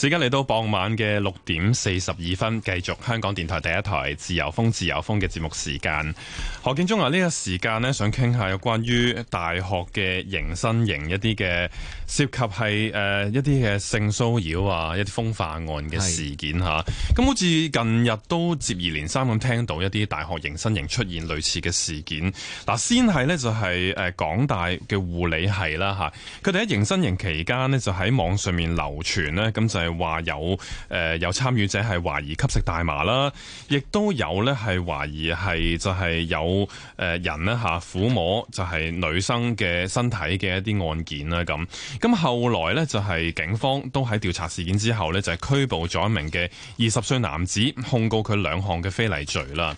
時間嚟到傍晚嘅六點四十二分，繼續香港電台第一台自由風自由風嘅節目時間。何建中啊，呢個時間呢，想傾下有關於大學嘅迎新營一啲嘅。涉及係誒一啲嘅性騷擾啊，一啲風化案嘅事件嚇，咁是好似近日都接二連三咁聽到一啲大學迎新營出現類似嘅事件。嗱，先係呢就係誒廣大嘅護理系啦嚇，佢哋喺迎新營期間呢，就喺網上面流傳呢。咁就係話有誒有參與者係懷疑吸食大麻啦，亦都有呢係懷疑係就係有誒人呢。嚇撫摸就係、是、女生嘅身體嘅一啲案件啦咁。咁後來呢，就係警方都喺調查事件之後呢，就係拘捕咗一名嘅二十歲男子，控告佢兩項嘅非禮罪啦。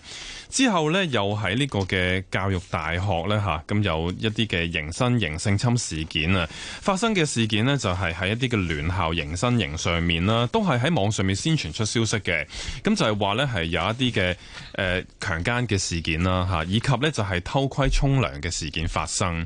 之後呢，又喺呢個嘅教育大學呢，吓，咁有一啲嘅迎新營性侵事件啊，發生嘅事件呢，就係喺一啲嘅聯校迎新營上面啦，都係喺網上面先傳出消息嘅。咁就係話呢，係有一啲嘅誒強姦嘅事件啦吓，以及呢就係偷窺沖涼嘅事件發生。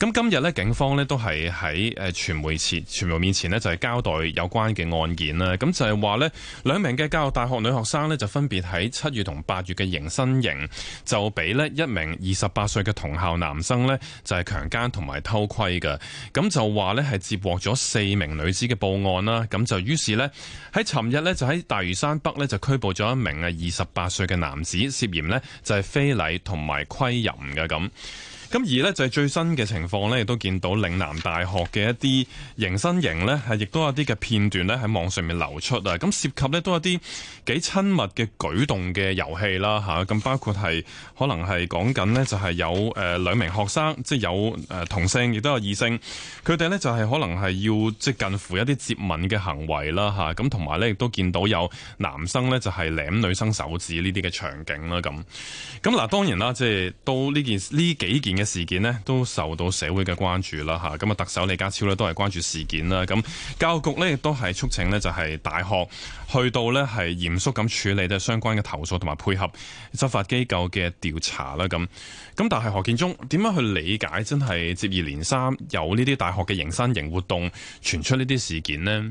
咁今日呢，警方呢都係喺誒。傳媒前，傳媒面前呢，就係交代有關嘅案件啦。咁就係話呢，兩名嘅教育大學女學生呢，就分別喺七月同八月嘅迎新營，就俾呢一名二十八歲嘅同校男生呢，就係強姦同埋偷窺嘅。咁就話呢，係接獲咗四名女子嘅報案啦。咁就於是呢，喺尋日呢，就喺大嶼山北呢，就拘捕咗一名啊二十八歲嘅男子，涉嫌呢就係非禮同埋窺淫嘅咁。咁而咧就係最新嘅情況咧，亦都見到嶺南大學嘅一啲迎新營咧，係亦都有啲嘅片段咧喺網上面流出啊！咁涉及咧都有啲幾親密嘅舉動嘅遊戲啦吓，咁包括係可能係講緊咧就係有誒、呃、兩名學生，即係有誒、呃、同性亦都有異性，佢哋咧就係可能係要即係近乎一啲接吻嘅行為啦吓，咁同埋咧亦都見到有男生咧就係舐女生手指呢啲嘅場景啦咁。咁嗱當然啦，即係都呢件呢幾件嘅。事件呢都受到社會嘅關注啦，吓咁啊！特首李家超呢都係關注事件啦。咁教育局呢亦都係促請呢，就係大學去到呢係嚴肅咁處理呢相關嘅投訴同埋配合執法機構嘅調查啦。咁咁但係何建宗點樣去理解真係接二連三有呢啲大學嘅迎新營活動傳出呢啲事件呢？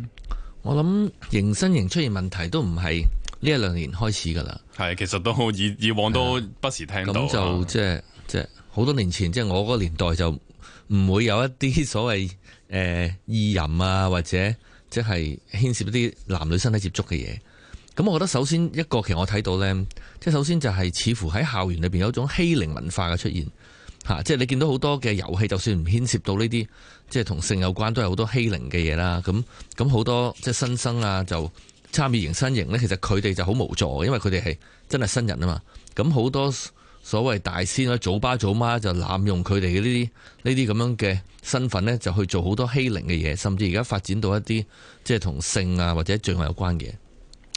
我諗迎新營出現問題都唔係呢一兩年開始噶啦，係其實都以以往都不時聽到、嗯、就、嗯、即係。即好多年前，即係我個個年代就唔會有一啲所謂誒、呃、異淫啊，或者即係牽涉一啲男女身體接觸嘅嘢。咁我覺得首先一個，其實我睇到呢，即係首先就係似乎喺校園裏面有一種欺凌文化嘅出現，啊、即係你見到好多嘅遊戲，就算唔牽涉到呢啲，即係同性有關，都係好多欺凌嘅嘢啦。咁咁好多即係新生啊，就參與型、身型呢，其實佢哋就好無助，因為佢哋係真係新人啊嘛。咁好多。所謂大仙啦，組爸組媽就濫用佢哋嘅呢啲呢啲咁樣嘅身份呢，就去做好多欺凌嘅嘢，甚至而家發展到一啲即係同性啊或者罪惡有關嘅。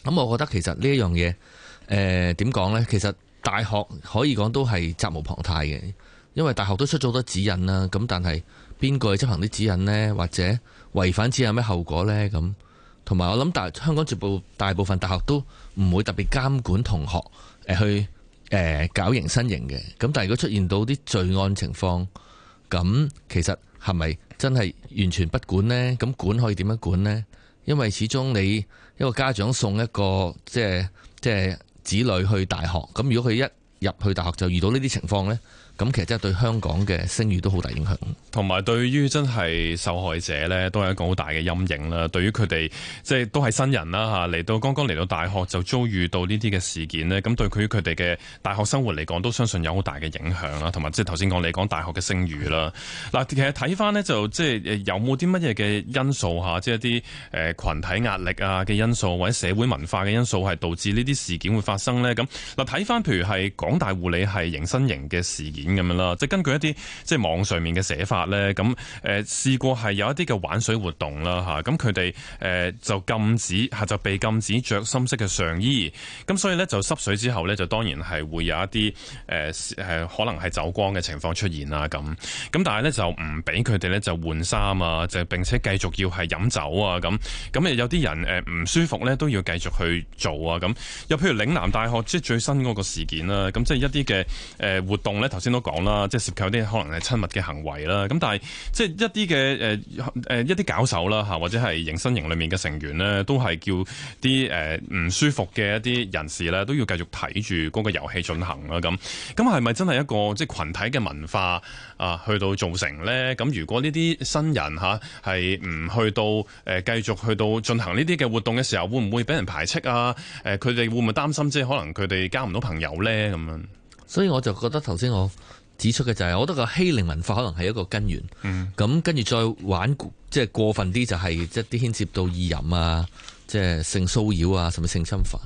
咁、嗯、我覺得其實這事、呃、麼說呢一樣嘢，誒點講呢？其實大學可以講都係責無旁貸嘅，因為大學都出咗好多指引啦、啊。咁但係邊個去執行啲指引呢？或者違反指引有咩後果呢？咁同埋我諗大香港絕部大部分大學都唔會特別監管同學、呃、去。誒、呃，搞型身形嘅，咁但係如果出現到啲罪案情況，咁其實係咪真係完全不管呢？咁管可以點樣管呢？因為始終你一個家長送一個即係即係子女去大學，咁如果佢一入去大學就遇到呢啲情況呢。咁其實真係對香港嘅聲譽都好大影響，同埋對於真係受害者呢，都係一個好大嘅陰影啦。對於佢哋，即係都係新人啦嚇，嚟到剛剛嚟到大學就遭遇到呢啲嘅事件呢，咁對佢佢哋嘅大學生活嚟講，都相信有好大嘅影響啦。同埋即係頭先講你講大學嘅聲譽啦。嗱，其實睇翻呢，就即係有冇啲乜嘢嘅因素嚇，即係一啲誒羣體壓力啊嘅因素，或者社會文化嘅因素係導致呢啲事件會發生呢？咁嗱，睇翻譬如係港大護理系迎新營嘅事件。咁啦，即係根據一啲即係網上面嘅寫法咧，咁誒試過係有一啲嘅玩水活動啦吓，咁佢哋誒就禁止，吓就被禁止着深色嘅上衣，咁所以咧就濕水之後咧，就當然係會有一啲誒誒可能係走光嘅情況出現啦咁，咁但係咧就唔俾佢哋咧就換衫啊，就並且繼續要係飲酒啊咁，咁誒有啲人誒唔舒服咧都要繼續去做啊咁，又譬如嶺南大學即係最新嗰個事件啦，咁即係一啲嘅誒活動咧，頭先都。講啦，即係涉及啲可能係親密嘅行為啦。咁但係即係一啲嘅誒誒一啲搞手啦吓，或者係迎新營裏面嘅成員咧，都係叫啲誒唔舒服嘅一啲人士咧，都要繼續睇住嗰個遊戲進行啦。咁咁係咪真係一個即係群體嘅文化啊？去到造成咧？咁如果呢啲新人吓係唔去到誒繼續去到進行呢啲嘅活動嘅時候，會唔會俾人排斥啊？誒，佢哋會唔會擔心即係可能佢哋交唔到朋友咧？咁樣，所以我就覺得頭先我。指出嘅就係、是，我覺得個欺凌文化可能係一個根源。嗯，咁跟住再玩，即係過分啲就係一啲牽涉到意淫啊，即係性騷擾啊，甚至性侵犯。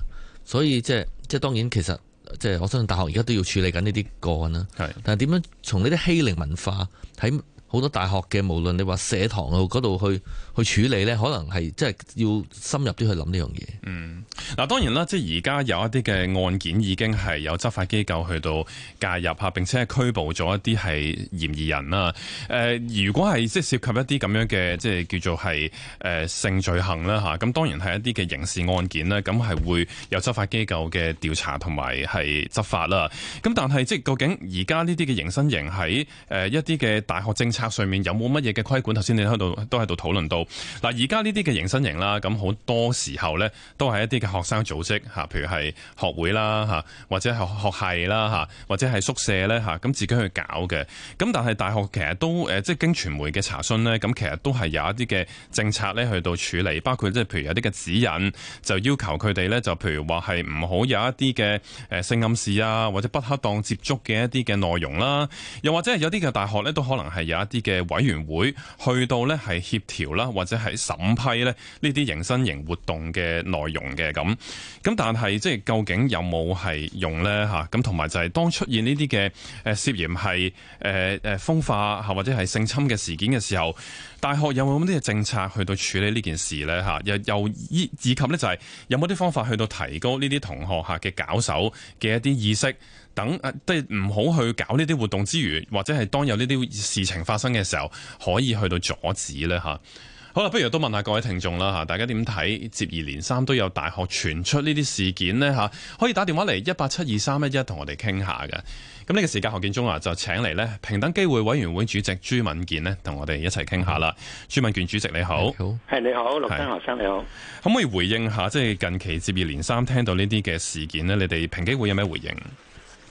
所以即係即係當然，其實即係我相信大學而家都要處理緊呢啲個案啦。是但係點樣從呢啲欺凌文化喺？好多大學嘅，無論你話社堂度去去處理呢，可能係即係要深入啲去諗呢樣嘢。嗯，嗱當然啦，即係而家有一啲嘅案件已經係有執法機構去到介入吓，並且係拘捕咗一啲係嫌疑人啦。誒、呃，如果係即係涉及一啲咁樣嘅，即係叫做係誒、呃、性罪行啦嚇，咁當然係一啲嘅刑事案件啦，咁係會有執法機構嘅調查同埋係執法啦。咁但係即係究竟而家呢啲嘅形身形喺誒一啲嘅大學政策？上面有冇乜嘢嘅規管？頭先你喺度都喺度討論到嗱，而家呢啲嘅迎新營啦，咁好多時候呢都係一啲嘅學生組織嚇，譬如係學會啦嚇，或者係學系啦嚇，或者係宿舍咧嚇，咁自己去搞嘅。咁但係大學其實都誒，即係經傳媒嘅查詢呢，咁其實都係有一啲嘅政策呢去到處理，包括即係譬如有啲嘅指引，就要求佢哋呢，就譬如話係唔好有一啲嘅誒性暗示啊，或者不恰當接觸嘅一啲嘅內容啦，又或者係有啲嘅大學呢，都可能係有一些啲嘅委員會去到咧係協調啦，或者係審批咧呢啲迎新營活動嘅內容嘅咁。咁但係即係究竟有冇係用咧吓，咁同埋就係當出現呢啲嘅誒涉嫌係誒誒風化或者係性侵嘅事件嘅時候，大學有冇啲嘅政策去到處理呢件事咧吓，又又依以及咧就係有冇啲方法去到提高呢啲同學吓嘅搞手嘅一啲意識。等誒，即係唔好去搞呢啲活動之餘，或者係當有呢啲事情發生嘅時候，可以去到阻止咧嚇。好啦，不如都問下各位聽眾啦嚇，大家點睇接二連三都有大學傳出呢啲事件呢？嚇？可以打電話嚟一八七二三一一，同我哋傾下嘅。咁呢個時間，何建中啊，就請嚟呢平等機會委員會主席朱敏健呢，同我哋一齊傾下啦。朱敏健主席你好，你好，你好，陸生學生你好，可唔可以回應下即係近期接二連三聽到呢啲嘅事件呢，你哋平機會有咩回應？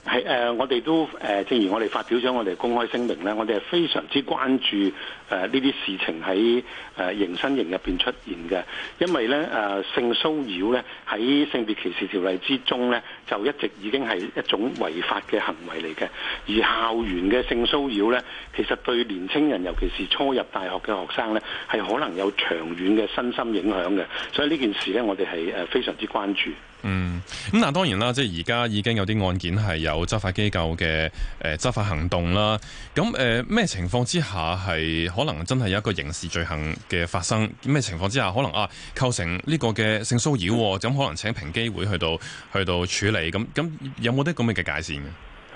呃、我哋都、呃、正如我哋發表咗我哋公開聲明咧，我哋係非常之關注誒呢啲事情喺誒迎新營入邊出現嘅，因為咧誒、呃、性騷擾咧喺性別歧視條例之中咧，就一直已經係一種違法嘅行為嚟嘅，而校園嘅性騷擾咧，其實對年青人，尤其是初入大學嘅學生咧，係可能有長遠嘅身心影響嘅，所以呢件事咧，我哋係、呃、非常之關注。嗯，咁嗱，當然啦，即係而家已經有啲案件係有執法機構嘅誒執法行動啦。咁誒，咩、呃、情況之下係可能真係有一個刑事罪行嘅發生？咩情況之下可能啊構成呢個嘅性騷擾？咁、哦、可能請平機會去到去到處理。咁咁有冇啲咁嘅嘅界線嘅？誒、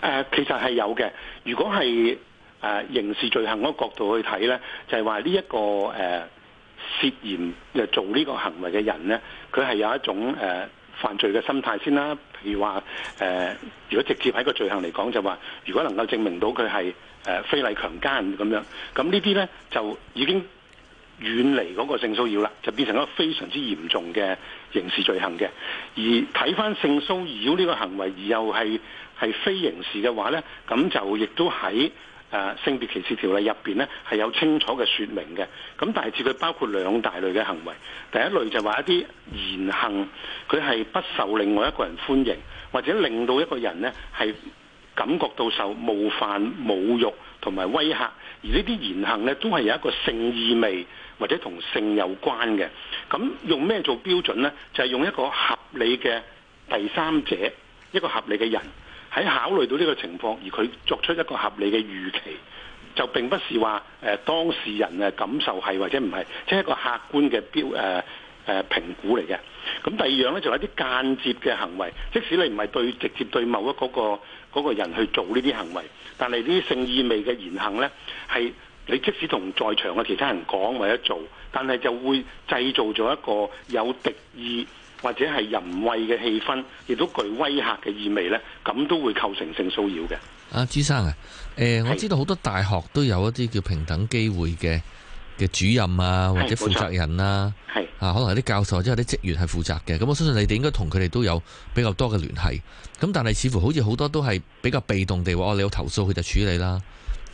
呃，其實係有嘅。如果係誒、呃、刑事罪行嗰個角度去睇咧，就係話呢一個誒、呃、涉嫌誒做呢個行為嘅人咧，佢係有一種誒。呃犯罪嘅心態先啦，譬如話誒、呃，如果直接喺個罪行嚟講，就話如果能夠證明到佢係誒非禮、強奸咁樣，咁呢啲呢，就已經遠離嗰個性騷擾啦，就變成一個非常之嚴重嘅刑事罪行嘅。而睇返性騷擾呢個行為，而又係係非刑事嘅話呢，咁就亦都喺。誒、啊、性別歧視條例入邊呢係有清楚嘅説明嘅，咁大致佢包括兩大類嘅行為。第一類就係話一啲言行，佢係不受另外一個人歡迎，或者令到一個人呢係感覺到受冒犯、侮辱同埋威嚇。而呢啲言行呢，都係有一個性意味或者同性有關嘅。咁用咩做標準呢？就係、是、用一個合理嘅第三者，一個合理嘅人。喺考慮到呢個情況，而佢作出一個合理嘅預期，就並不是話、呃、當事人嘅感受係或者唔係，即係一個客觀嘅標、呃呃、評估嚟嘅。咁、嗯、第二樣咧就係一啲間接嘅行為，即使你唔係對直接對某一個嗰個嗰個人去做呢啲行為，但係呢啲性意味嘅言行咧，係你即使同在場嘅其他人講或者做，但係就會製造咗一個有敵意，或者係人為嘅氣氛，亦都具威嚇嘅意味呢，咁都會構成性騷擾嘅。阿朱生啊，生呃、是我知道好多大學都有一啲叫平等機會嘅嘅主任啊，或者負責人啦、啊，係啊，可能有啲教授或者有啲職員係負責嘅。咁我相信你哋應該同佢哋都有比較多嘅聯繫。咁但係似乎好似好多都係比較被動地話，我你有投訴，佢就處理啦。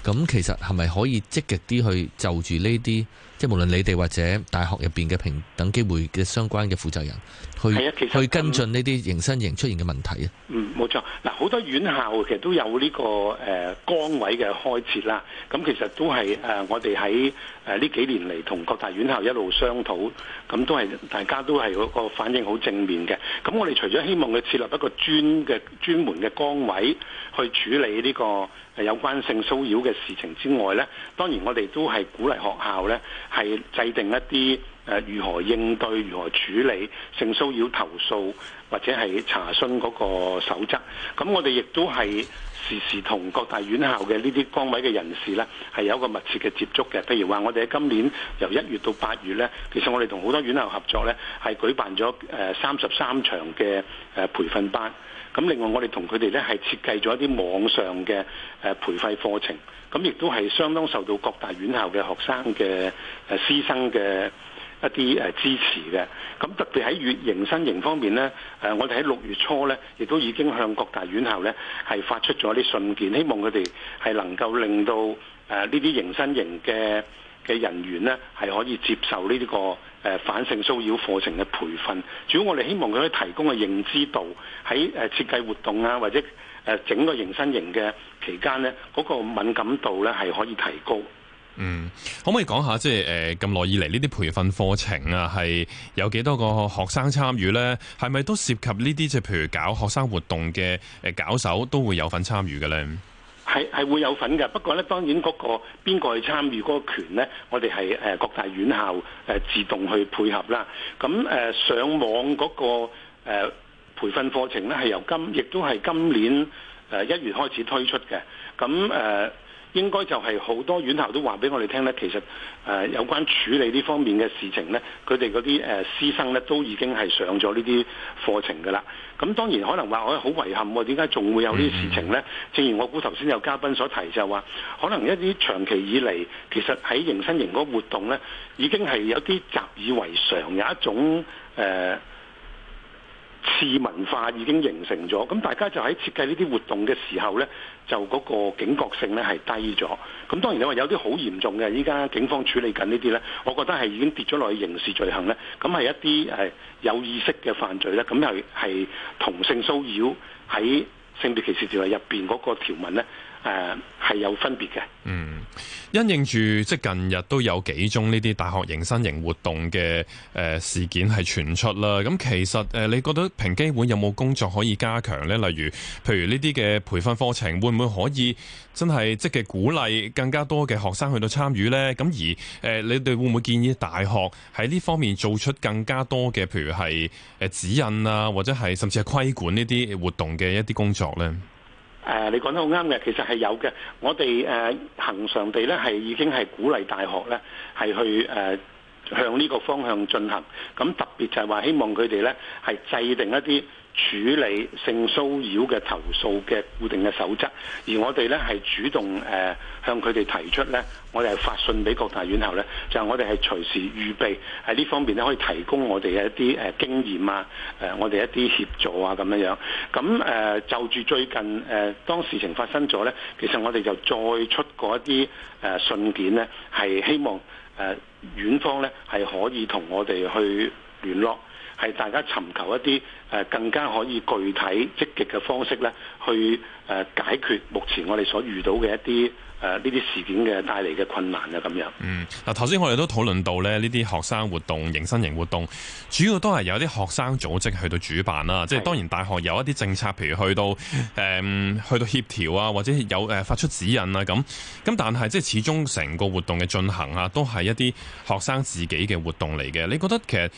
咁其實係咪可以積極啲去就住呢啲，即、就、係、是、無論你哋或者大學入邊嘅平等機會嘅相關嘅負責人？係啊去，其實去跟進呢啲迎新營出現嘅問題啊。嗯，冇錯，嗱，好多院校其實都有呢個誒崗位嘅開設啦。咁其實都係誒我哋喺誒呢幾年嚟同各大院校一路商討，咁都係大家都係嗰個反應好正面嘅。咁我哋除咗希望佢設立一個專嘅專門嘅崗位去處理呢個有關性騷擾嘅事情之外咧，當然我哋都係鼓勵學校咧係制定一啲。誒如何應對、如何處理性騷擾投訴，或者係查詢嗰個守則。咁我哋亦都係時時同各大院校嘅呢啲崗位嘅人士呢，係有一個密切嘅接觸嘅。譬如話，我哋喺今年由一月到八月呢，其實我哋同好多院校合作呢，係舉辦咗誒三十三場嘅誒培訓班。咁另外我們他們，我哋同佢哋呢係設計咗一啲網上嘅誒培訓課程。咁亦都係相當受到各大院校嘅學生嘅誒師生嘅一啲支持嘅，咁特別喺迎新營方面呢，我哋喺六月初呢，亦都已經向各大院校呢，係發出咗啲信件，希望佢哋係能夠令到呢啲迎新營嘅嘅人員呢，係可以接受呢啲個反性騷擾課程嘅培訓。主要我哋希望佢可以提供嘅認知度喺設計活動啊，或者整個迎新營嘅期間呢，嗰、那個敏感度呢，係可以提高。嗯，可唔可以講下即係誒，咁、呃、耐以嚟，呢啲培訓課程啊，係有幾多個學生參與呢？係咪都涉及呢啲即係，譬如搞學生活動嘅誒，搞手、呃、都會有份參與嘅呢？係係會有份㗎。不過呢，當然嗰、那個邊個去參與嗰個權呢，我哋係誒各大院校誒、呃、自動去配合啦。咁誒、呃、上網嗰、那個誒、呃、培訓課程呢，係由今亦都係今年誒一、呃、月開始推出嘅。咁誒。呃應該就係好多院校都話俾我哋聽呢。其實誒、呃、有關處理呢方面嘅事情呢，佢哋嗰啲誒師生呢都已經係上咗呢啲課程噶啦。咁當然可能話我好遺憾，啊，點解仲會有呢啲事情呢？正如我估頭先有嘉賓所提就係話，可能一啲長期以嚟其實喺迎新營嗰個活動呢，已經係有啲習以為常，有一種誒。呃次文化已經形成咗，咁大家就喺設計呢啲活動嘅時候呢，就嗰個警覺性呢係低咗。咁當然你話有啲好嚴重嘅，依家警方處理緊呢啲呢，我覺得係已經跌咗落去刑事罪行呢。咁係一啲係有意識嘅犯罪呢，咁又係同性騷擾喺性別歧視條例入邊嗰個條文呢。誒，係有分別嘅。嗯，因應住即係近日都有幾宗呢啲大學迎新營活動嘅誒、呃、事件係傳出啦。咁、嗯、其實誒、呃，你覺得平機會有冇工作可以加強呢？例如，譬如呢啲嘅培訓課程會唔會可以真係積極鼓勵更加多嘅學生去到參與呢？咁而誒、呃，你哋會唔會建議大學喺呢方面做出更加多嘅，譬如係誒指引啊，或者係甚至係規管呢啲活動嘅一啲工作呢？誒，你講得好啱嘅，其實係有嘅。我哋誒恒常地咧，係已經係鼓勵大學咧，係去誒向呢個方向進行。咁特別就係話，希望佢哋咧，係制定一啲處理性騷擾嘅投訴嘅固定嘅守則，而我哋呢係主動向佢哋提出，呢我哋係發信俾各大院校呢就係，我哋係隨時預備喺呢方面呢可以提供我哋嘅一啲經驗啊，我哋一啲協助啊咁樣樣。咁就住最近當事情發生咗呢，其實我哋就再出過一啲信件呢，係希望誒院方呢係可以同我哋去聯絡。係大家尋求一啲更加可以具體積極嘅方式咧，去解決目前我哋所遇到嘅一啲呢啲事件嘅帶嚟嘅困難啊，咁樣。嗯，嗱頭先我哋都討論到咧，呢啲學生活動、迎新營活動，主要都係有啲學生組織去到主辦啦。是即係當然大學有一啲政策，譬如去到 去到協調啊，或者有誒發出指引啊，咁咁。但係即係始終成個活動嘅進行啊，都係一啲學生自己嘅活動嚟嘅。你覺得其實？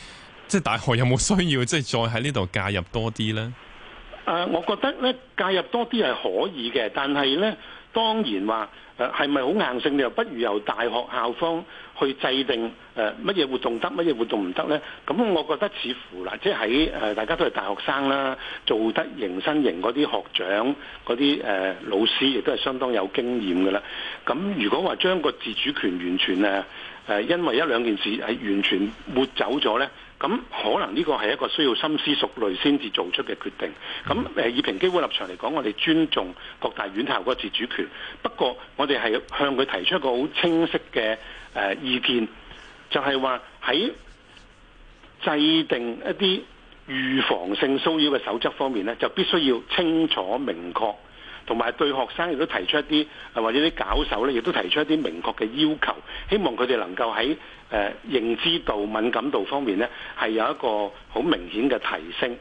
即係大學有冇需要，即係再喺呢度介入多啲呢？誒、呃，我覺得咧，介入多啲係可以嘅，但係咧，當然話誒係咪好硬性？你又不如由大學校方去制定誒乜嘢活動得，乜嘢活動唔得咧？咁我覺得似乎啦，即係喺誒大家都係大學生啦，做得型身型嗰啲學長嗰啲誒老師，亦都係相當有經驗噶啦。咁如果話將個自主權完全誒誒、呃，因為一兩件事係完全抹走咗咧？咁可能呢個係一個需要深思熟慮先至做出嘅決定。咁誒，以平機會立場嚟講，我哋尊重各大院校嗰自主權。不過，我哋係向佢提出一個好清晰嘅誒意見，就係話喺制定一啲預防性騷擾嘅守則方面呢就必須要清楚明確。同埋對學生亦都提出一啲，或者啲搞手咧，亦都提出一啲明確嘅要求，希望佢哋能夠喺誒、呃、認知度、敏感度方面咧，係有一個好明顯嘅提升。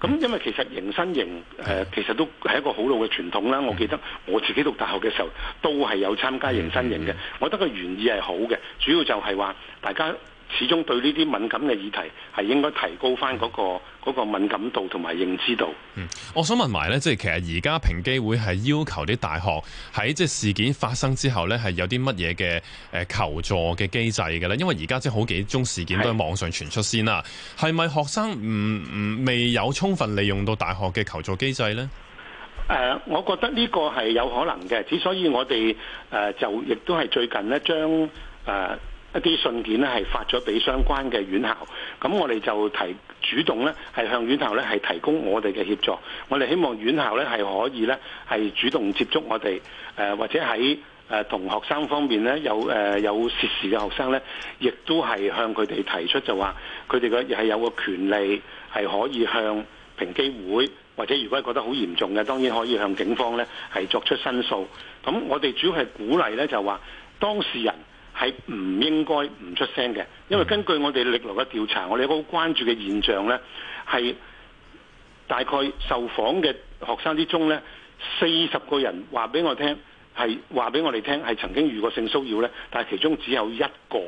咁因為其實迎新營誒其實都係一個好老嘅傳統啦，我記得我自己讀大學嘅時候都係有參加迎新營嘅，我覺得個原意係好嘅，主要就係話大家。始終對呢啲敏感嘅議題係應該提高返嗰個嗰個敏感度同埋認知度。嗯，我想問埋呢，即係其實而家平機會係要求啲大學喺即係事件發生之後呢，係有啲乜嘢嘅誒求助嘅機制嘅咧？因為而家即係好幾宗事件都喺網上傳出先啦，係咪是學生唔唔未有充分利用到大學嘅求助機制呢？誒、呃，我覺得呢個係有可能嘅，之所以我哋誒、呃、就亦都係最近呢將誒。將呃一啲信件呢，係發咗俾相關嘅院校，咁我哋就提主動呢，係向院校呢，係提供我哋嘅協助，我哋希望院校呢，係可以呢，係主動接觸我哋，誒、呃，或者喺誒、呃、同學生方面呢，有誒、呃、有涉事嘅學生呢，亦都係向佢哋提出就話佢哋嘅係有個權利係可以向平機會，或者如果係覺得好嚴重嘅，當然可以向警方呢，係作出申訴。咁我哋主要係鼓勵呢，就話當事人。係唔應該唔出聲嘅，因為根據我哋歷來嘅調查，我哋一個好關注嘅現象呢，係大概受訪嘅學生之中呢，四十個人話俾我聽，係話俾我哋聽係曾經遇過性騷擾呢，但係其中只有一個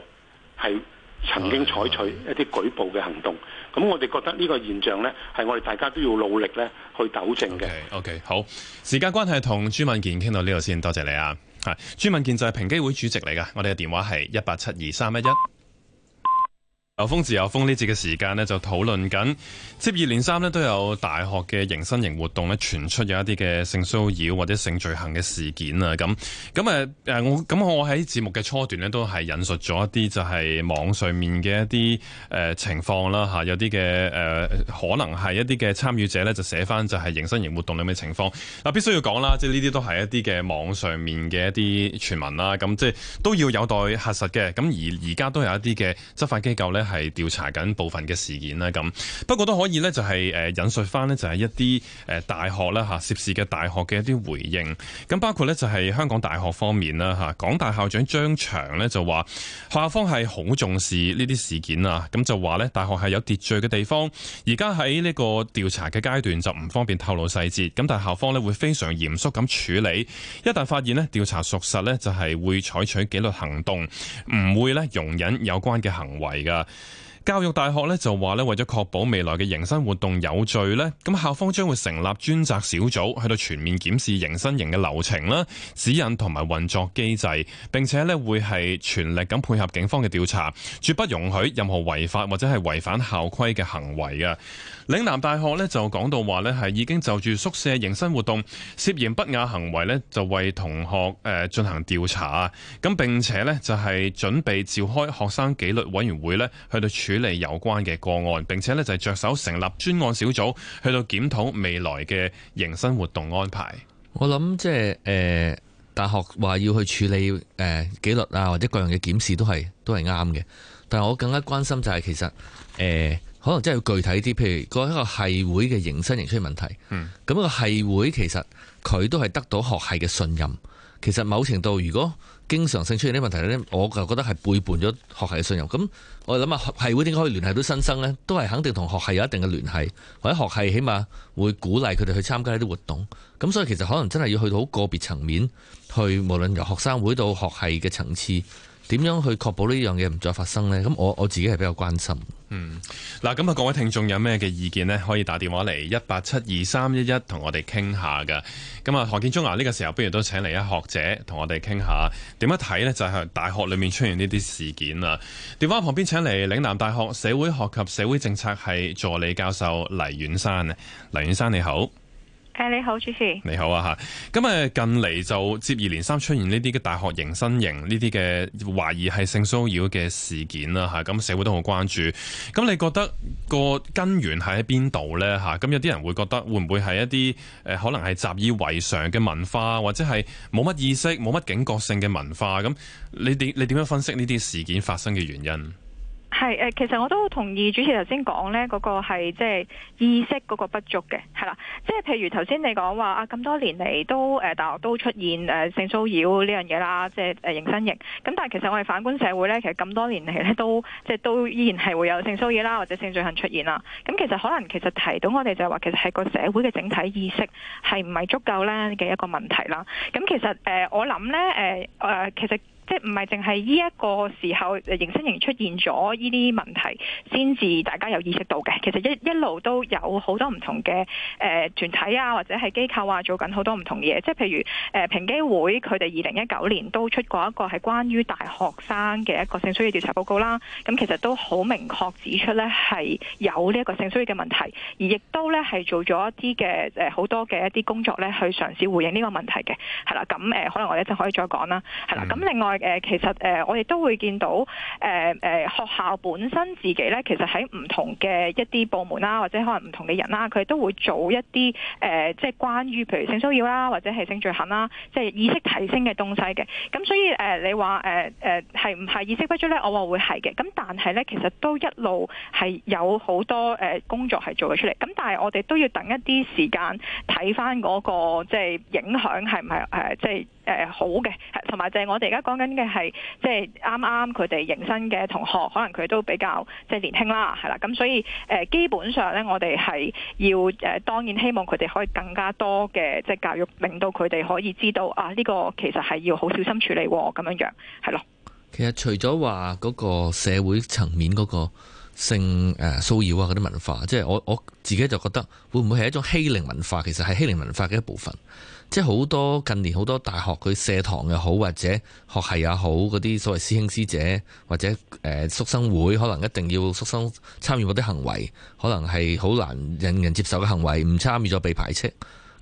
係曾經採取一啲舉報嘅行動。咁我哋覺得呢個現象呢，係我哋大家都要努力咧去糾正嘅。Okay, OK，好，時間關係，同朱敏健傾到呢度先，多謝你啊！是朱敏健就係平機會主席嚟噶，我哋嘅電話係一八七二三一一。有風自有風呢節嘅時間呢就討論緊，接二連三呢都有大學嘅迎新營活動呢傳出有一啲嘅性騷擾或者性罪行嘅事件啊，咁咁誒誒，我咁我喺節目嘅初段呢都係引述咗一啲就係網上面嘅一啲誒、呃、情況啦吓，有啲嘅誒可能係一啲嘅參與者呢，就寫翻就係迎新營活動裏面情況。嗱、啊，必須要講啦，即係呢啲都係一啲嘅網上面嘅一啲傳聞啦，咁即係都要有待核實嘅。咁而而家都有一啲嘅執法機構呢，係調查緊部分嘅事件啦，咁不過都可以呢，就係誒引述翻呢，就係一啲誒大學啦嚇涉事嘅大學嘅一啲回應。咁包括呢，就係香港大學方面啦嚇，港大校長張翔呢，就話，校方係好重視呢啲事件啊。咁就話呢，大學係有秩序嘅地方，而家喺呢個調查嘅階段就唔方便透露細節。咁但係校方呢，會非常嚴肅咁處理，一旦發現呢調查屬實呢，就係會採取紀律行動，唔會呢容忍有關嘅行為噶。教育大學咧，就話咧，為咗確保未來嘅迎新活動有序咧，咁校方將會成立專責小組，去到全面檢視迎新營嘅流程啦、指引同埋運作機制，並且咧，會係全力咁配合警方嘅調查，絕不容許任何違法或者係違反校規嘅行為嘅。嶺南大學咧，就講到話咧係已經就住宿舍迎新活動涉嫌不雅行為咧就為同學誒進行調查啊，咁並且咧就係準備召開學生紀律委員會咧去到處理有關嘅個案，並且咧就係着手成立專案小組去到檢討未來嘅迎新活動安排。我諗即係誒、呃、大學話要去處理誒、呃、紀律啊或者各樣嘅檢視都係都係啱嘅，但係我更加關心就係其實誒。呃可能真係要具體啲，譬如個一個系會嘅迎新營出現問題。嗯，咁個系會其實佢都係得到學系嘅信任。其實某程度，如果經常性出現啲問題咧，我就覺得係背叛咗學系嘅信任。咁我哋諗下，系會點解可以聯繫到新生咧？都係肯定同學系有一定嘅聯繫，或者學系起碼會鼓勵佢哋去參加啲活動。咁所以其實可能真係要去到個個別層面，去無論由學生會到學系嘅層次。點樣去確保呢樣嘢唔再發生呢？咁我我自己係比較關心。嗯，嗱，咁啊，各位聽眾有咩嘅意見呢？可以打電話嚟一八七二三一一，同我哋傾下噶。咁啊，何建中啊，呢個時候不如都請嚟一學者同我哋傾下點樣睇呢？就係、是、大學裏面出現呢啲事件啊。電話旁邊請嚟嶺南大學社會學及社會政策系助理教授黎苑姍。黎苑姍，你好。誒，你好，主持你好啊，吓咁誒，近嚟就接二連三出現呢啲嘅大學營、新營呢啲嘅懷疑係性騷擾嘅事件啦，吓咁社會都好關注。咁你覺得個根源係喺邊度呢？吓咁有啲人會覺得會唔會係一啲誒，可能係習以為常嘅文化，或者係冇乜意識、冇乜警覺性嘅文化？咁你點你點樣分析呢啲事件發生嘅原因？係誒、呃，其實我都同意主持頭先講咧，嗰個係即係意識嗰個不足嘅，係啦，即係譬如頭先你講話啊，咁多年嚟，都誒、大、呃、學都出現誒性騷擾呢樣嘢啦，即係誒形身形，咁但係其實我哋反觀社會咧，其實咁多年嚟咧都即係、就是、都依然係會有性騷擾啦，或者性罪行出現啦，咁其實可能其實提到我哋就係話，其實係個社會嘅整體意識係唔係足夠咧嘅一個問題啦。咁其實誒、呃，我諗咧誒誒，其實。即係唔係淨係呢一個時候，迎新營出現咗呢啲問題，先至大家有意識到嘅。其實一一路都有好多唔同嘅誒團體啊，或者係機構啊，做緊好多唔同嘢。即係譬如誒、呃、平機會，佢哋二零一九年都出過一個係關於大學生嘅一個性騷擾調查報告啦。咁其實都好明確指出咧，係有呢一個性騷擾嘅問題，而亦都咧係做咗一啲嘅誒好多嘅一啲工作咧，去嘗試回應呢個問題嘅。係啦，咁誒、呃、可能我哋一陣可以再講啦。係啦，咁另外。誒，其實誒，我哋都會見到誒誒、呃呃，學校本身自己咧，其實喺唔同嘅一啲部門啦、啊，或者可能唔同嘅人啦、啊，佢都會做一啲誒，即、呃、係、就是、關於譬如性騷擾啦，或者係性罪行啦、啊，即、就、係、是、意識提升嘅東西嘅。咁所以誒、呃，你話誒誒係唔係意識不足咧？我話會係嘅。咁但係咧，其實都一路係有好多誒工作係做咗出嚟。咁但係我哋都要等一啲時間睇翻嗰個即係、就是、影響係唔係誒即係誒好嘅，同埋就係我哋而家講緊。真嘅係，即係啱啱佢哋迎新嘅同學可能佢都比較即係年輕啦，係啦，咁所以誒基本上咧，我哋係要誒當然希望佢哋可以更加多嘅即係教育，令到佢哋可以知道啊，呢個其實係要好小心處理咁樣樣，係咯。其實除咗話嗰個社會層面嗰個性誒騷擾啊嗰啲文化，即係我我自己就覺得，會唔會係一種欺凌文化？其實係欺凌文化嘅一部分。即係好多近年好多大學佢社堂又好，或者學系也好，嗰啲所謂師兄師姐或者誒、呃、宿生會可能一定要宿生參與嗰啲行為可能係好難人人接受嘅行為，唔參與咗被排斥。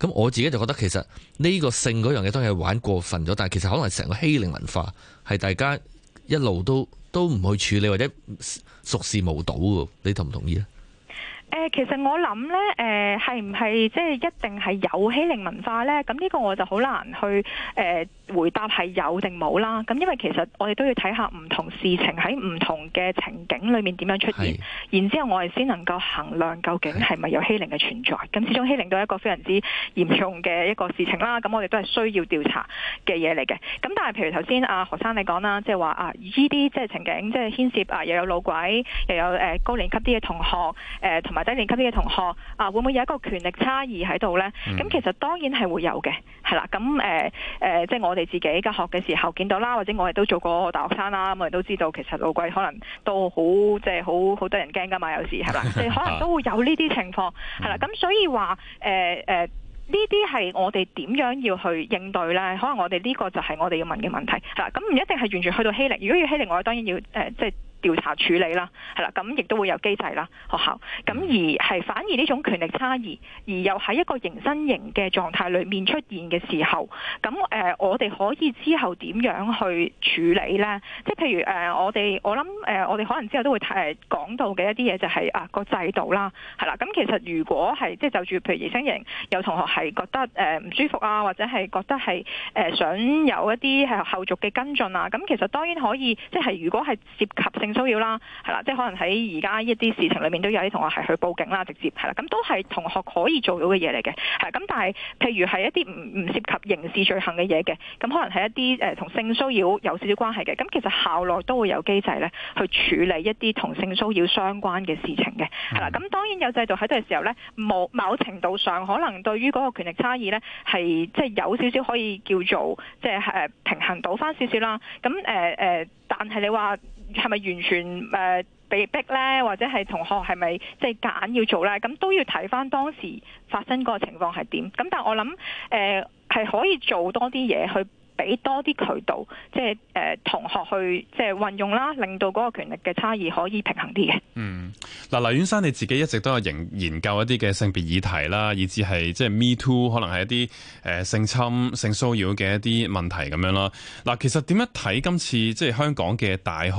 咁我自己就覺得其實呢個性嗰樣嘢都係玩過分咗，但係其實可能成個欺凌文化係大家一路都都唔去處理或者熟視無睹，你同唔同意啊？誒，其實我諗咧，誒係唔係即係一定係有欺凌文化咧？咁呢個我就好難去誒回答係有定冇啦。咁因為其實我哋都要睇下唔同事情喺唔同嘅情景裏面點樣出現，是然之後我哋先能夠衡量究竟係咪有欺凌嘅存在。咁是始終欺凌都係一個非常之嚴重嘅一個事情啦。咁我哋都係需要調查嘅嘢嚟嘅。咁但係譬如頭先阿何生你講啦，即係話啊，呢啲即係情景即係牽涉啊又有老鬼，又有誒高年級啲嘅同學誒，同、呃、埋。低年級啲嘅同學啊，會唔會有一個權力差異喺度咧？咁、嗯、其實當然係會有嘅，係啦。咁誒誒，即、呃、係、呃就是、我哋自己教學嘅時候見到啦，或者我哋都做過大學生啦，咁我哋都知道，其實老鬼可能都好，即係好好得人驚噶嘛，有時係啦，即係、就是、可能都會有呢啲情況，係啦。 咁所以話誒誒，呢啲係我哋點樣要去應對咧？可能我哋呢個就係我哋要問嘅問題。係啦，咁唔一定係完全去到欺凌。如果要欺凌，我當然要誒，即、呃、係。就是調查處理啦，係啦，咁亦都會有機制啦，學校。咁而係反而呢種權力差異，而又喺一個迎新營嘅狀態裏面出現嘅時候，咁誒、呃，我哋可以之後點樣去處理呢？即係譬如誒、呃，我哋我諗誒，我哋可能之後都會提、呃、講到嘅一啲嘢、就是，就係啊個制度啦，係啦。咁、嗯、其實如果係即係就住、是、譬如迎新營有同學係覺得誒唔、呃、舒服啊，或者係覺得係誒、呃、想有一啲係後續嘅跟進啊，咁、嗯、其實當然可以，即、就、係、是、如果係涉及性。騷擾啦，係啦，即係可能喺而家一啲事情裏面都有啲同學係去報警啦，直接係啦，咁都係同學可以做到嘅嘢嚟嘅，係咁。但係譬如係一啲唔唔涉及刑事罪行嘅嘢嘅，咁可能係一啲誒同性騷擾有少少關係嘅，咁其實校內都會有機制咧去處理一啲同性騷擾相關嘅事情嘅，係啦、mm。咁、hmm. 當然有制度喺度嘅時候咧，冇某程度上可能對於嗰個權力差異咧係即係有少少可以叫做即係誒平衡到翻少少啦。咁誒誒，但係你話。係咪完全被逼呢？或者係同學係咪即係揀要做呢？咁都要睇翻當時發生嗰個情況係點。咁但我諗誒係可以做多啲嘢去。俾多啲渠道，即係誒、呃、同學去即係運用啦，令到嗰個權力嘅差異可以平衡啲嘅。嗯，嗱、呃，黎苑姍你自己一直都係研研究一啲嘅性別議題啦，以至係即係 Me Too，可能係一啲誒、呃、性侵、性騷擾嘅一啲問題咁樣啦。嗱、呃，其實點樣睇今次即係香港嘅大學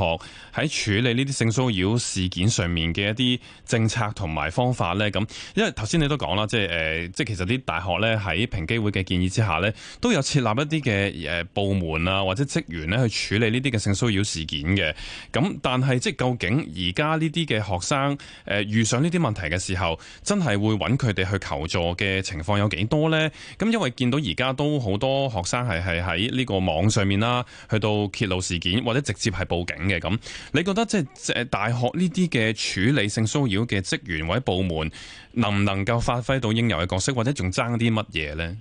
喺處理呢啲性騷擾事件上面嘅一啲政策同埋方法咧？咁因為頭先你都講啦，即係誒、呃，即係其實啲大學咧喺平機會嘅建議之下咧，都有設立一啲嘅誒，部門啊，或者職員呢去處理呢啲嘅性騷擾事件嘅，咁但係即係究竟而家呢啲嘅學生誒遇上呢啲問題嘅時候，真係會揾佢哋去求助嘅情況有幾多呢？咁因為見到而家都好多學生係係喺呢個網上面啦，去到揭露事件或者直接係報警嘅，咁你覺得即係大學呢啲嘅處理性騷擾嘅職員或者部門能唔能夠發揮到應有嘅角色，或者仲爭啲乜嘢呢？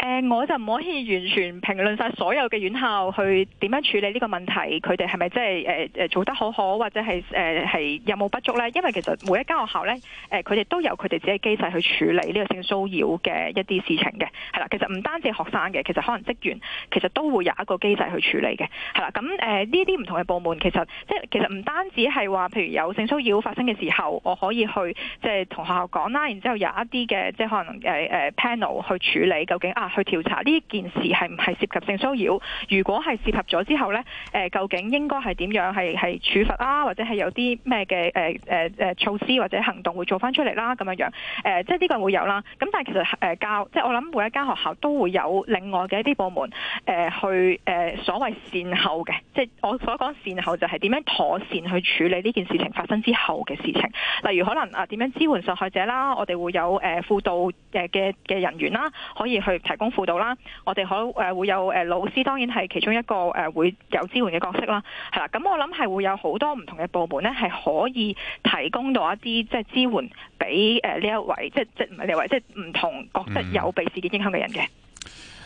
誒、呃，我就唔可以完全評論曬所有嘅院校去點樣處理呢個問題，佢哋係咪即係誒做得好好，或者係誒係有冇不足咧？因為其實每一間學校咧，佢、呃、哋都有佢哋自己嘅機制去處理呢個性騷擾嘅一啲事情嘅，係啦。其實唔單止學生嘅，其實可能職員其實都會有一個機制去處理嘅，係啦。咁誒呢啲唔同嘅部門其實即係其實唔單止係話，譬如有性騷擾發生嘅時候，我可以去即係同學校講啦，然之後有一啲嘅即係可能誒誒、呃呃、panel 去處理究竟啊。去調查呢件事係唔係涉及性騷擾？如果係涉及咗之後呢，誒究竟應該係點樣？係係處罰啊，或者係有啲咩嘅誒誒措施或者行動會做翻出嚟啦咁樣樣誒，即係呢個會有啦。咁但係其實誒教，即係我諗每一間學校都會有另外嘅一啲部門誒去誒所謂善後嘅，即係我所講善後就係點樣妥善去處理呢件事情發生之後嘅事情。例如可能啊點樣支援受害者啦，我哋會有誒輔導嘅嘅嘅人員啦，可以去提供輔導啦，我哋可誒會有誒老師，當然係其中一個誒會有支援嘅角色啦，係啦，咁我諗係會有好多唔同嘅部門咧，係可以提供到一啲即係支援俾誒呢一位，即即唔係呢位，即唔同覺得有被事件影響嘅人嘅。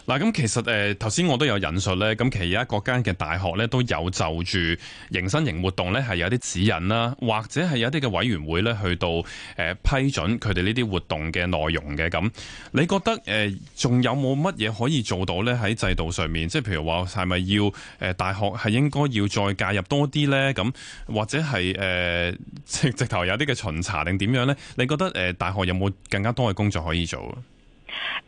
嗱，咁其實誒，頭、呃、先我都有引述咧，咁其他各間嘅大學咧都有就住迎新營活動咧，係有啲指引啦，或者係有啲嘅委員會咧去到誒、呃、批准佢哋呢啲活動嘅內容嘅。咁你覺得誒，仲、呃、有冇乜嘢可以做到咧？喺制度上面，即係譬如話係咪要誒、呃、大學係應該要再介入多啲咧？咁或者係誒、呃、直直頭有啲嘅巡查定點樣咧？你覺得誒、呃、大學有冇更加多嘅工作可以做？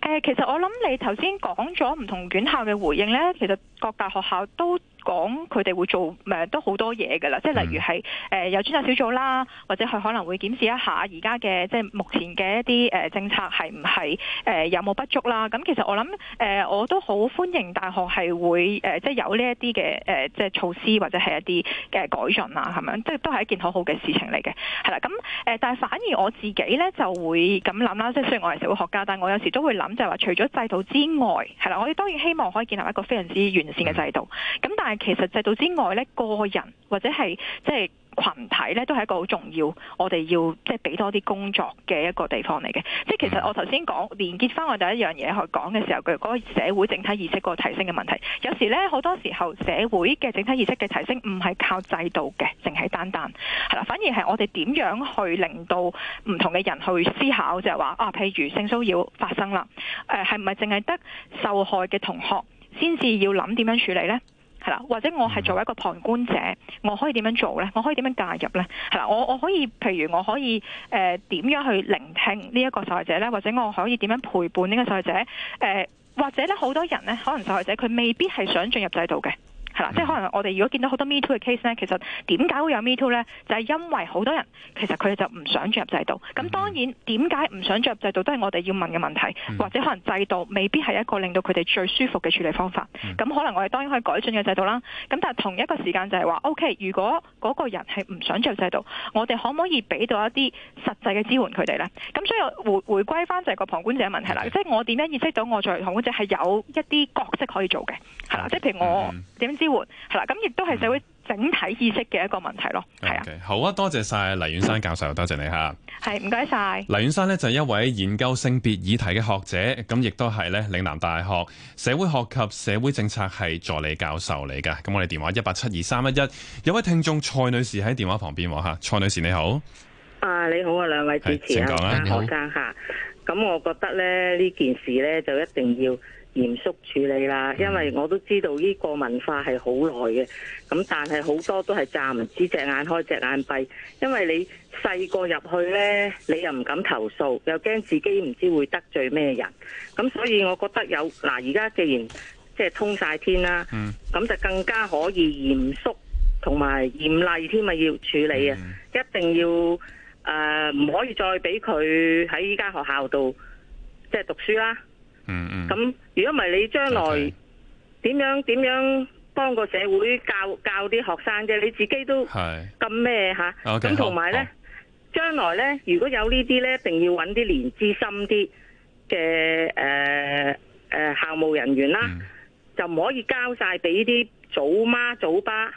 誒，其實我諗你頭先講咗唔同院校嘅回應咧，其實各大學校都講佢哋會做，咪都好多嘢噶啦，即係例如係誒有專責小組啦，或者佢可能會檢視一下而家嘅即係目前嘅一啲誒政策係唔係誒有冇不足啦。咁其實我諗誒、呃、我都好歡迎大學係會誒、呃、即係有呢一啲嘅誒即係措施或者係一啲嘅改進啊，係咪？即係都係一件好好嘅事情嚟嘅。係啦，咁誒但係反而我自己咧就會咁諗啦，即係雖然我係社會學家，但我有時都會諗就係、是、話除咗制度之外，係啦，我哋當然希望可以建立一個非常之完善嘅制度，咁、嗯、但係。其實制度之外咧，個人或者係即係群體咧，都係一個好重要，我哋要即係俾多啲工作嘅一個地方嚟嘅。即係其實我頭先講連結翻我第一樣嘢去講嘅時候，佢嗰個社會整體意識個提升嘅問題，有時咧好多時候社會嘅整體意識嘅提升唔係靠制度嘅，淨係單單係啦，反而係我哋點樣去令到唔同嘅人去思考，就係話啊，譬如性騷擾發生啦，誒，係唔係淨係得受害嘅同學先至要諗點樣處理咧？係啦，或者我係作為一個旁觀者，我可以點樣做咧？我可以點樣介入咧？係啦，我我可以譬如我可以誒、呃，點樣去聆聽呢一個受害者咧，或者我可以點樣陪伴呢個受害者誒、呃，或者咧，好多人咧，可能受害者佢未必係想進入制度嘅。係啦，即係可能我哋如果見到好多 Me Too 嘅 case 咧，其實點解會有 Me Too 咧？就係、是、因為好多人其實佢哋就唔想進入制度。咁當然點解唔想進入制度都係我哋要問嘅問題，嗯、或者可能制度未必係一個令到佢哋最舒服嘅處理方法。咁、嗯、可能我哋當然可以改進嘅制度啦。咁但係同一個時間就係話，OK，如果嗰個人係唔想進入制度，我哋可唔可以俾到一啲實際嘅支援佢哋咧？咁所以回回歸翻就係個旁觀者嘅問題啦。的即係我點樣意識到我作為旁觀者係有一啲角色可以做嘅？係啦，即係譬如我點知？嗯係啦，咁亦都係社會整體意識嘅一個問題咯。係啊，好啊，多謝晒黎苑姍教授，多謝，謝你吓。係唔該晒黎苑姍呢，就一位研究性別議題嘅學者，咁亦都係咧嶺南大學社會學及社會政策系助理教授嚟噶。咁我哋電話一八七二三一一，有位聽眾蔡女士喺電話旁邊喎吓，蔡女士你好。啊，你好啊，兩位主持人，請啊、學生吓。咁好我覺得咧呢件事咧就一定要。嚴肅處理啦，因為我都知道呢個文化係好耐嘅，咁但係好多都係詐唔知隻眼開隻眼閉，因為你細個入去呢，你又唔敢投訴，又驚自己唔知會得罪咩人，咁所以我覺得有嗱，而家既然即係通晒天啦，咁、嗯、就更加可以嚴肅同埋嚴厲添啊，要處理啊，嗯、一定要誒唔、呃、可以再俾佢喺依間學校度即係讀書啦。嗯嗯，咁如果唔係你將來點樣點樣幫個社會教 Okay. 教啲學生啫？你自己都係咁咩吓？咁同埋咧，將 Okay. 來咧，如果有這些呢啲咧，要找一定要揾啲年資深啲嘅誒誒校務人員啦，嗯、就唔可以交晒俾啲祖媽祖爸，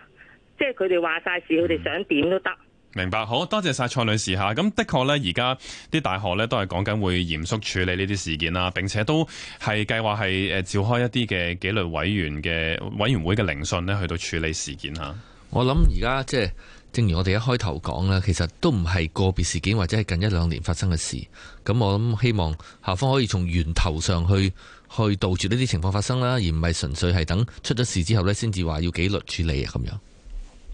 即係佢哋話晒事，佢哋、嗯、想點都得。明白，好多謝晒蔡女士吓，咁的確呢，而家啲大學呢都係講緊會嚴肅處理呢啲事件啦，並且都係計劃係誒召開一啲嘅紀律委員嘅委員會嘅聆訊呢，去到處理事件吓。我諗而家即係，正如我哋一開頭講啦，其實都唔係個別事件或者係近一兩年發生嘅事。咁我諗希望校方可以從源頭上去去杜絕呢啲情況發生啦，而唔係純粹係等出咗事之後呢先至話要紀律處理啊咁樣。